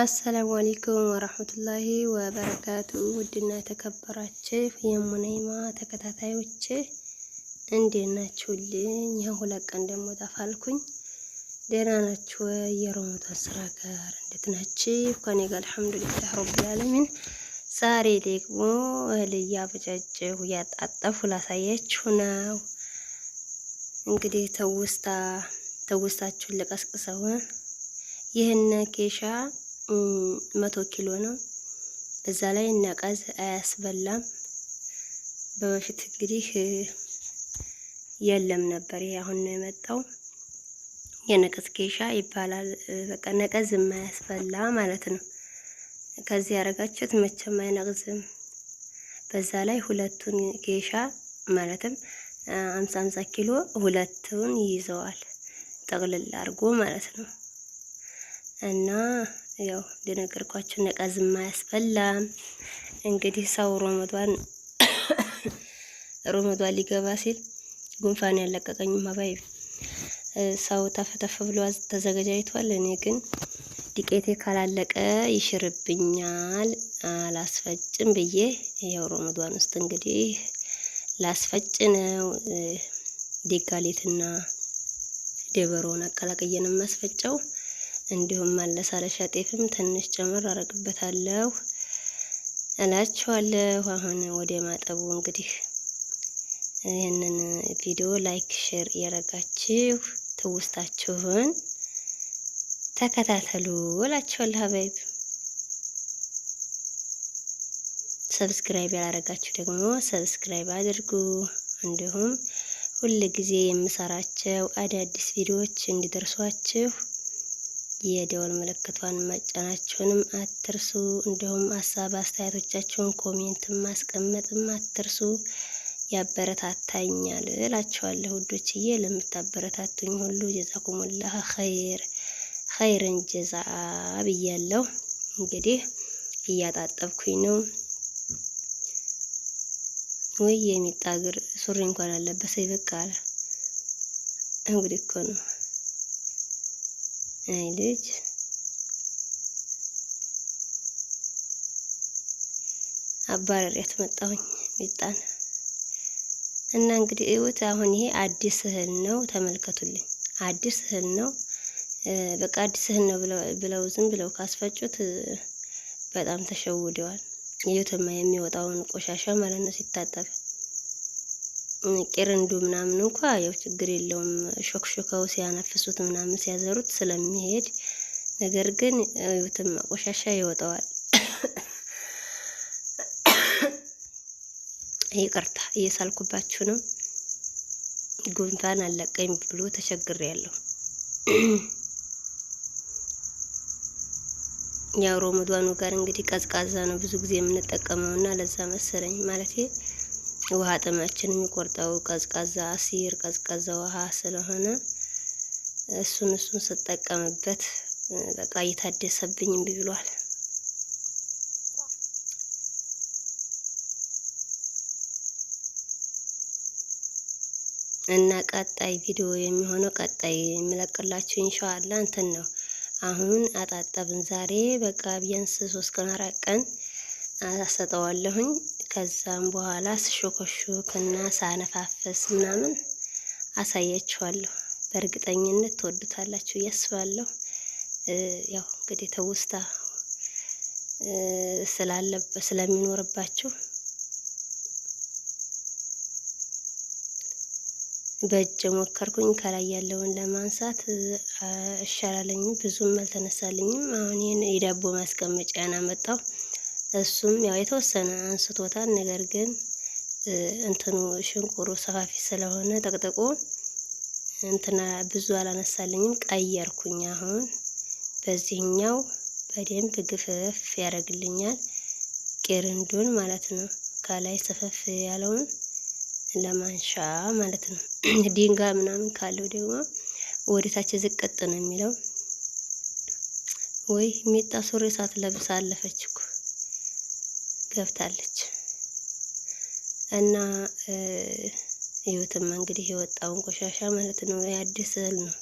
አሰላሙ አሌይኩም ወረህመቱላሂ ወበረካቱ። ውድና የተከበራችሁ የሙነይማ ተከታታዮች እንዴት ናችሁልኝ? ይህን ሁለት ቀን ደግሞ ጠፋልኩኝ። ደህና ናችሁ? የረመዳን ስራ ጋር እንዴት ናችሁ? ከኔ ጋር አልሐምዱሊላህ ረብል ዓለሚን። ዛሬ ደግሞ እህል እያበጃጀሁ እያጣጠፉ ላሳያችሁ ነው። እንግዲህ ትውስታ ትውስታችሁን ልቀስቅሰውን ይህን ኬሻ መቶ ኪሎ ነው። እዛ ላይ ነቀዝ አያስበላም። በበፊት እንግዲህ የለም ነበር። ይሄ አሁን ነው የመጣው። የነቀዝ ጌሻ ይባላል። በቃ ነቀዝ የማያስበላ ማለት ነው። ከዚህ ያደረጋችሁት መቼም አይነቅዝም። በዛ ላይ ሁለቱን ጌሻ ማለትም አምሳ አምሳ ኪሎ ሁለቱን ይይዘዋል ጠቅልል አድርጎ ማለት ነው እና ያው እንደነገርኳችሁ ነቀዝም አያስበላም። እንግዲህ ሰው ሮመዷን ሮመዷን ሊገባ ሲል ጉንፋን ያለቀቀኝ ማባይ ሰው ተፈተፈ ብሎ ተዘገጃጅቷል። እኔ ግን ዲቄቴ ካላለቀ ይሽርብኛል አላስፈጭም ብዬ ያው ሮመዷን ውስጥ እንግዲህ ላስፈጭ ነው። ዴጋሌትና ደበሮውን አቀላቅየን መስፈጨው እንዲሁም ማለሳለሻ ጤፍም ትንሽ ጨምር አረግበታለሁ እላችኋለሁ። አሁን ወደ ማጠቡ እንግዲህ ይህንን ቪዲዮ ላይክ፣ ሼር እያረጋችሁ ትውስታችሁን ተከታተሉ እላችኋለሁ። ሀበይብ ሰብስክራይብ ያላረጋችሁ ደግሞ ሰብስክራይብ አድርጉ። እንዲሁም ሁል ጊዜ የምሰራቸው አዳዲስ ቪዲዮዎች እንዲደርሷችሁ የደወል ምልክቷን መጫናችሁንም አትርሱ። እንዲሁም ሀሳብ አስተያየቶቻችሁን ኮሜንትም ማስቀመጥም አትርሱ። ያበረታታኛል እላችኋለሁ። ውዶችዬ ለምታበረታቱኝ ሁሉ ጀዛኩሙላህ ኸይር ኸይርን ጀዛ ብያለሁ። እንግዲህ እያጣጠብኩኝ ነው። ወይ የሚጣግር ሱሪ እንኳን አለበሰ ይበቃል። እንግዲህ እኮ ነው አይ ልጅ አባረሪያት መጣሁኝ ሚጣን እና እንግዲህ እዩት። አሁን ይሄ አዲስ እህል ነው፣ ተመልከቱልኝ። አዲስ እህል ነው፣ በቃ አዲስ እህል ነው ብለው ዝም ብለው ካስፈጩት በጣም ተሸውደዋል። እዩትማ የሚወጣውን ቆሻሻ ማለት ነው ሲታጠብ ቄረንዶ ምናምን እንኳ ያው ችግር የለውም ሾክሾከው ሲያነፍሱት ምናምን ሲያዘሩት ስለሚሄድ፣ ነገር ግን እዩትም ቆሻሻ ይወጣዋል። ይቅርታ እየሳልኩባችሁ ነው። ጉንፋን አለቀኝ ብሎ ያለው ያው ሮመዷኑ ጋር እንግዲህ ቀዝቃዛ ነው ብዙ ጊዜ የምንጠቀመውና ለዛ መሰለኝ ማለት ውሃ ጥማችን የሚቆርጠው ቀዝቃዛ አሲር ቀዝቃዛ ውሃ ስለሆነ እሱን እሱን ስጠቀምበት በቃ እየታደሰብኝ እምቢ ብሏል። እና ቀጣይ ቪዲዮ የሚሆነው ቀጣይ የሚለቅላችሁ ኢንሻአላ እንትን ነው። አሁን አጣጠብን ዛሬ በቃ ቢያንስ ሶስት ቀን አራት ቀን አሰጠዋለሁኝ። ከዛም በኋላ ስሾከሹክ እና ሳነፋፈስ ምናምን አሳያችኋለሁ። በእርግጠኝነት ትወዱታላችሁ እያስባለሁ። ያው እንግዲህ ትውስታ ስለሚኖርባችሁ በእጅ ሞከርኩኝ ከላይ ያለውን ለማንሳት እሻላለኝ፣ ብዙም አልተነሳልኝም። አሁን ይህን የዳቦ ማስቀመጫ ያናመጣው እሱም ያው የተወሰነ አንስቶታል። ነገር ግን እንትኑ ሽንቁሩ ሰፋፊ ስለሆነ ጠቅጥቆ እንትና ብዙ አላነሳልኝም፣ ቀየርኩኝ። አሁን በዚህኛው በደንብ ግፍፍ ያደርግልኛል፣ ቄርንዱን ማለት ነው። ከላይ ሰፈፍ ያለውን ለማንሻ ማለት ነው። ድንጋይ ምናምን ካለው ደግሞ ወደታች ዝቅጥ ነው የሚለው። ወይ ሚጣ ሱሪ ሳትለብስ አለፈች እኮ ገብታለች እና ህይወትም እንግዲህ የወጣውን ቆሻሻ ማለት ነው ያድስል ነው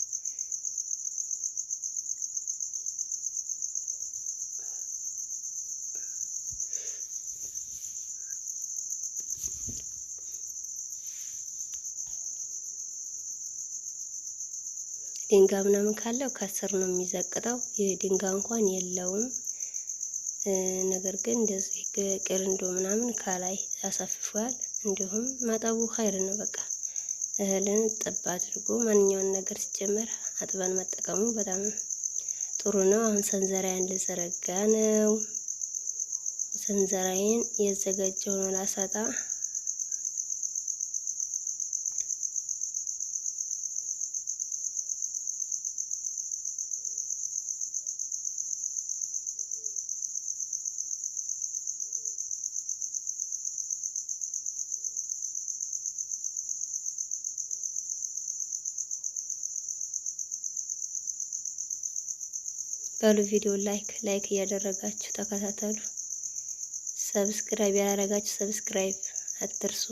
ድንጋይ ምናምን ካለው ከስር ነው የሚዘቅጠው። ይህ ድንጋይ እንኳን የለውም። ነገር ግን እንደዚህ ቅርንዶ ምናምን ካላይ ያሳፍፈዋል። እንዲሁም ማጠቡ ኸይር ነው። በቃ እህልን ጠብ አድርጎ ማንኛውን ነገር ሲጀመር አጥበን መጠቀሙ በጣም ጥሩ ነው። አሁን ሰንዘራያን ልዘረጋ ነው። ሰንዘራይን የዘጋጀውን ላሳጣ በሉ ቪዲዮ ላይክ ላይክ እያደረጋችሁ ተከታተሉ። ሰብስክራይብ ያላረጋችሁ ሰብስክራይብ አትርሱ።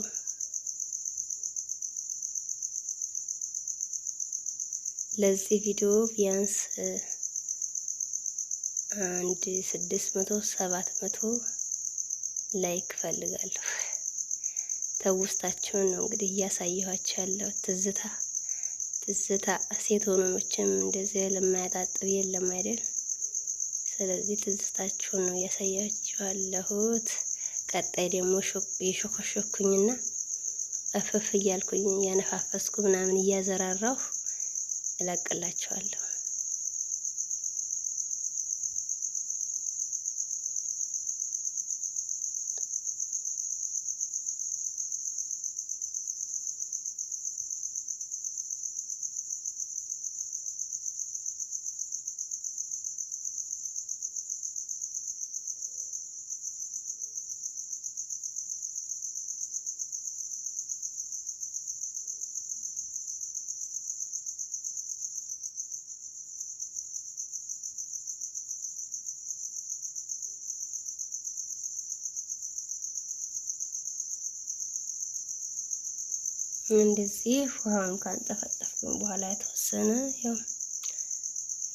ለዚህ ቪዲዮ ቢያንስ አንድ ስድስት መቶ ሰባት መቶ ላይክ ፈልጋለሁ። ተውስታችሁን ነው እንግዲህ እያሳየኋችሁ ያለው ትዝታ ትዝታ ሴት ሆኖኖችም እንደዚህ ለማያጣጥብ የለም አይደል? ስለዚህ ትዝታችሁን ነው እያሳያችኋለሁት። ቀጣይ ደግሞ የሾኮሾኩኝና እፍፍ እያልኩኝ እያነፋፈስኩ ምናምን እያዘራራሁ እለቅላችኋለሁ። እንደዚህ ውሃውን ካንጠፈጠፍን በኋላ የተወሰነ ያው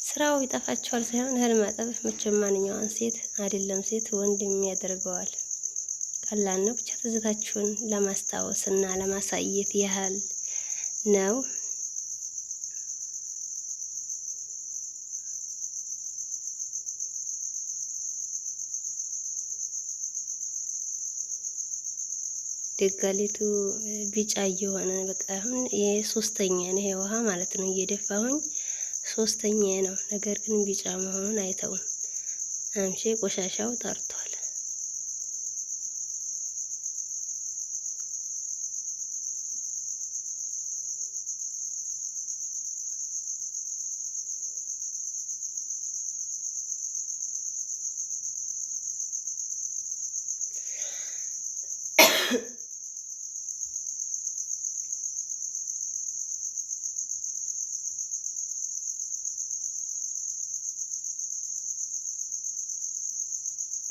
ስራው ይጠፋቸዋል ሳይሆን እህል ማጠፍ መቼም ማንኛዋን ሴት አይደለም ሴት ወንድም ያደርገዋል። ቀላል ነው። ብቻ ትዝታችሁን ለማስታወስ እና ለማሳየት ያህል ነው። ደጋሌቱ ቢጫ እየሆነ በቃ አሁን የሶስተኛ ነው የውሃ ማለት ነው። እየደፋሁኝ ሶስተኛ ነው። ነገር ግን ቢጫ መሆኑን አይተውም። አምሼ ቆሻሻው ጠርቷል።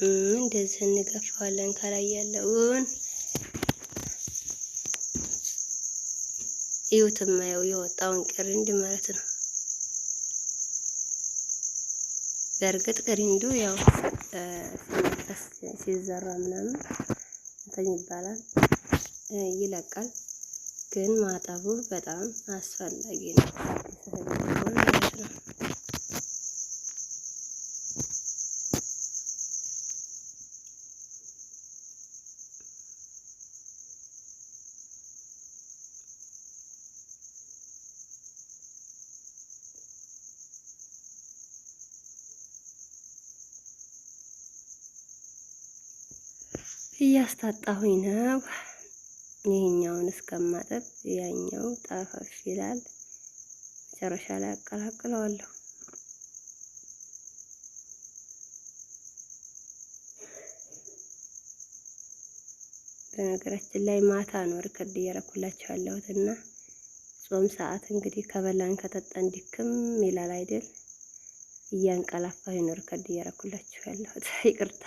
እንደዚህ እንገፋዋለን ከላይ ያለውን እዩት። የማየው የወጣውን ቅሪንድ ማለት ነው። በእርግጥ ቅሪንዱ ያው ሲዘራ ምናምን እንትን ይባላል ይለቃል፣ ግን ማጠቡ በጣም አስፈላጊ ነው። እያስታጣሁኝ ነው። ይህኛውን እስከማጠብ ያኛው ጣፈፍ ይላል። መጨረሻ ላይ አቀላቅለዋለሁ። በነገራችን ላይ ማታ ነው ሪከርድ እያረኩላችሁ ያለሁት እና ጾም ሰዓት እንግዲህ ከበላን ከጠጣን ድክም ይላል አይደል? እያንቀላፋ ነው ሪከርድ እያረኩላችሁ ያለሁት ይቅርታ።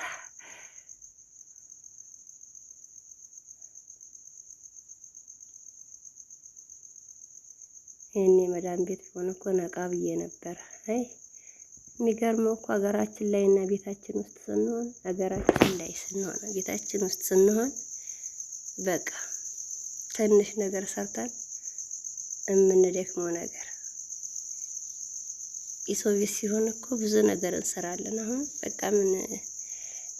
ይህን የመዳን ቤት ቢሆን እኮ ነቃ ብዬ ነበር። አይ የሚገርመው እኮ ሀገራችን ላይ እና ቤታችን ውስጥ ስንሆን ሀገራችን ላይ ስንሆን ቤታችን ውስጥ ስንሆን በቃ ትንሽ ነገር ሰርተን የምንደክመው ነገር የሰው ቤት ሲሆን እኮ ብዙ ነገር እንሰራለን። አሁን በቃ ምን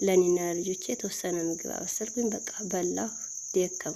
ለእኔና ልጆቼ የተወሰነ ምግብ አበሰልኩኝ፣ በቃ በላሁ፣ ደከምኩ።